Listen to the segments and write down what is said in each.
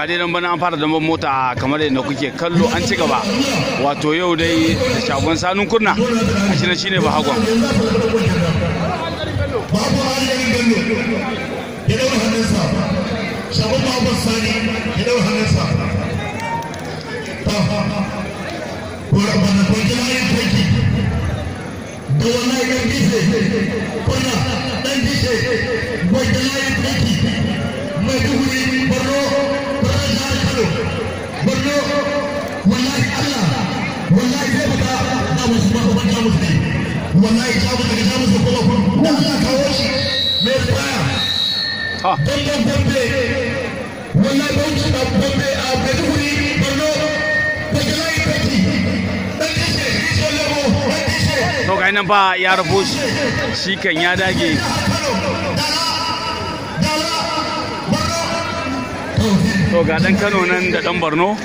ga dai nan bana an fara damban mota kamar yadda kuke kallo an ci gaba wato yau dai da shagon sanun kurna a shi shine ba hagon da wannan ɗan gishe kuna ɗan gishe gwajin layin aiki wallahi ta mutu da ta ko ba da Allah kawo shi me fire ha don bombe wallahi ba su da bombe a Maiduguri Borno da Jalai Beki dan ishe to ga nan ba ya rubo shi shi kan ya dage to ga dan Kano nan da dan Borno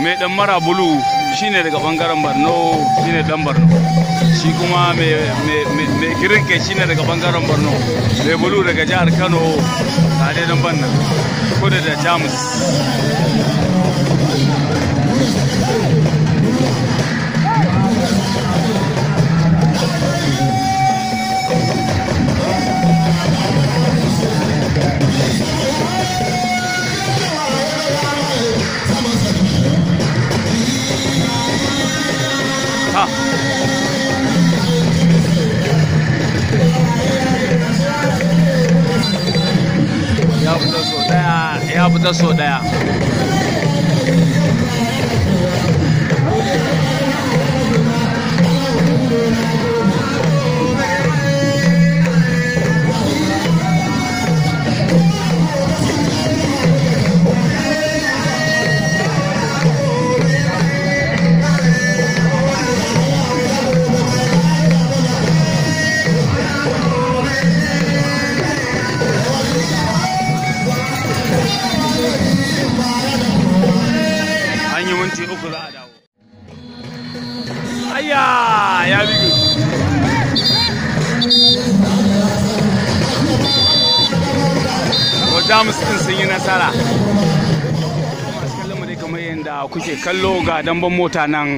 mai dan mara bulu shine daga bangaren Borno shine dan Borno shi kuma mai girin kai shine daga bangaren borno mai bulu daga jihar kano tare da banna kudu da jamus 这说的呀。jamus din sun yi nasara kamar yadda kuke kallo ga damban mota nan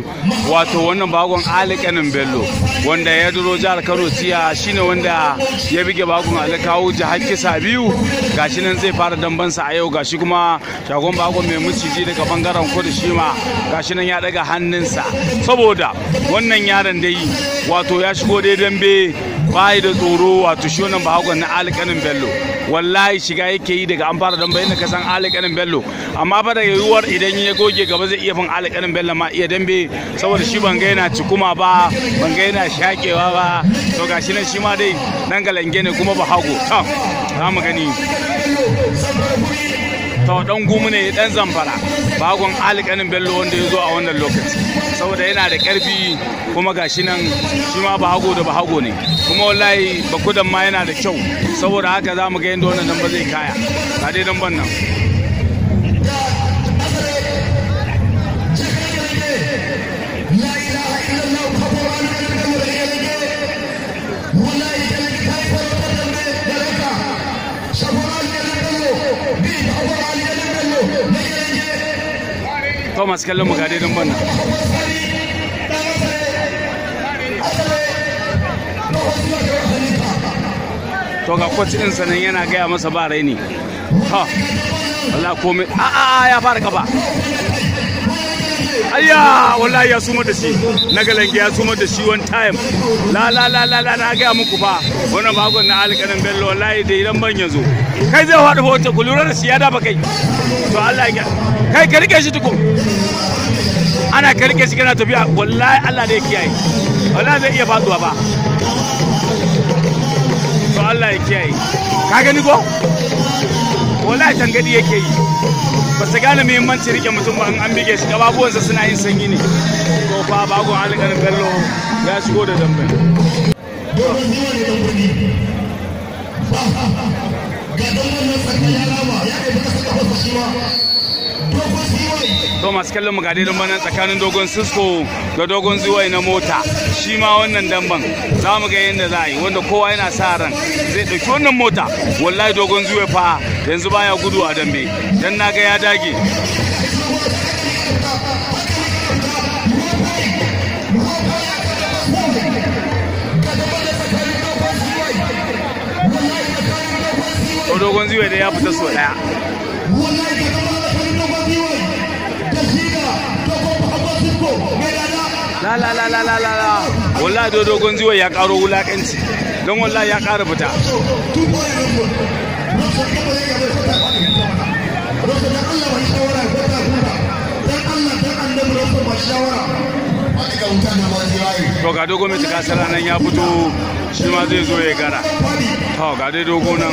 wato wannan bagon alikanin bello wanda ya duro jihar kano siya shine wanda ya bige bagon alikawo jihar kisa biyu gashi nan zai fara dambansa a yau gashi kuma shagon bagon mai maciji daga bangaren kudu shi ma gashi nan ya daga hannunsa saboda wannan yaron dai wato ya shigo dai dambe bayi da tsoro wato shi wannan bahagon na alƙanin bello wallahi shiga yake yi daga an fara don bayan ka san alƙanin bello amma ba da yiwuwar idan ya goge gaba zai iya fin alƙanin bello ma iya dambe saboda shi ban gaina yana cikuma ba ban gaina a shakewa ba to shi nan shi ma dai nan galange ne kuma bahago za mu gani ta dan gumu ne dan zamfara bagon alƙanin bello wanda ya zo a wannan lokaci saboda yana da ƙarfi kuma gashi nan shi ma ba bahago da ba bahago ne kuma wallahi bakudan ma yana da kyau saboda haka za mu ga yadda wannan dan ba zai kaya ga dai dan ban nan kawo masu kallon mu ga don bana to ga coach din sanan yana gaya masa ba raini ha wallahi komai a a ya fara kaba. ayya wallahi ya suma da shi na galange ya suma da shi one time la la la la la na ga muku fa wannan bagon na alƙanan bello wallahi da idan ban yanzu kai zai faɗi hoto ku lura da shi ya da bakai kai to Allah ya kai ka rike shi tuko ana ka rike shi kana tafiya wallahi Allah ne ya kiyaye wallahi zai iya faduwa ba to Allah ya kiyaye ka gani ko wallahi tangadi yake yi ba su gane muhimmanci rike mutum ba an an bige shi gababuwansa suna yin sanyi ne ko fa ba an alƙarin bello ya shigo da dambe Ha ha ha! Thomas masu kallon mugadai don banan tsakanin dogon Cisco da dogon zuwai na mota shi ma wannan damban za mu ga yadda za a yi wanda kowa yana sa ran zai ɗauki wannan mota wallahi dogon zuwa fa yanzu baya gudu a dambe dan na ga ya dage dogon zuwa da ya fita so daya la la la la la la la wallahi do dogon zuwa ya karo wulakanci don wallahi ya kara fita to ga dogon mai tukasara nan ya fito shi ma zai zo ya gara to ga dai dogon nan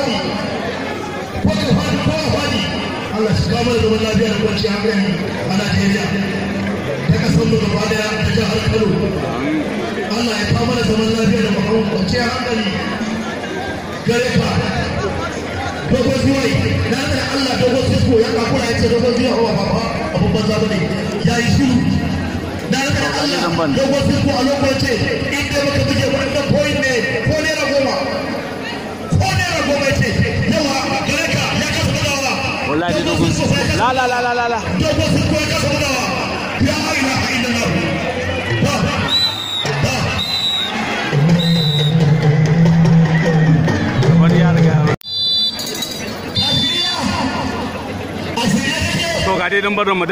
samar da lafiya da a Najeriya ta kasar mu gaba daya ta jihar Kano Allah ya samar da zaman lafiya da oh, kwanciyar hankali gare ka dogon zuwai na da Allah dogon sisko ya kakura ya ce dogon zuwa hawa baba abin banza bane ya yi shiru na da Allah dogon a lokacin in baka buge wannan point ne wallahi da dogon la la la la la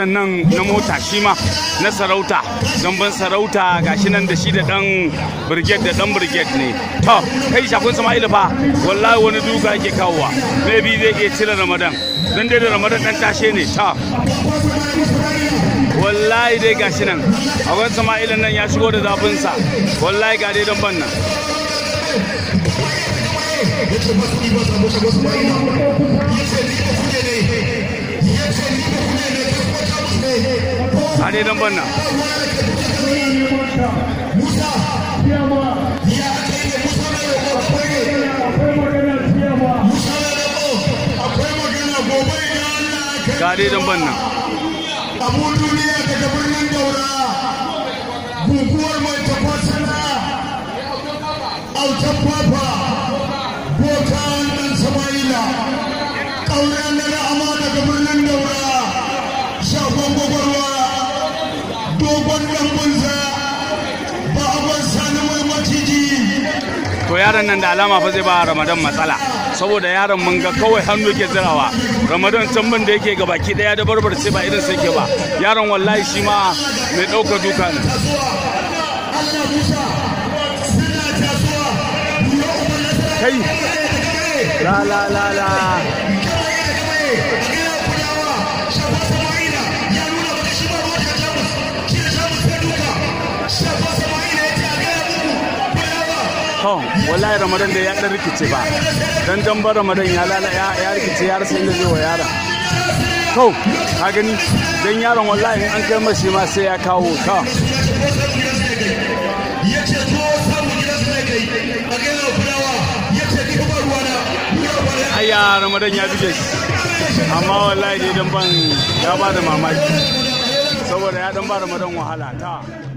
nan na mota shi ma na sarauta da shi da dan brigade ne kai shakun fa wallahi wani duka ake kawowa maybe zai iya cire ramadan nan dai da ramadan dan tashe ne ta wallahi dai gashi nan akwai ilan nan ya shigo da zafinsa wallahi ga dai don bannan a dai don bannan ga dai damban nan abu duniya daga birnin daura guguwar mai tafasana autan papa bota wannan sama'ila ƙaura na ra'ama daga birnin daura shagon gwagwarwa dogon ɗanbunza ba abin sani mai maciji to yaran nan da alama fa zai ba ramadan matsala saboda yaron mun ga kawai hannu yake zirawa ramadan can ban da yake gabaki daya da barbar ce ba irin sai ba yaron wallahi shi ma mai ɗaukar duka ne kai la no wallahi ramadan da ya dan rikice ba dan dan ba ramadan ya lala ya rikice ya rasa inda zai wa yaron to ka gani dan yaron wallahi in an kai mashi ma sai ya kawo ka yace ramadan ya bige shi amma wallahi dan ban ya ba da mamaki saboda ya dan ba ramadan wahala ta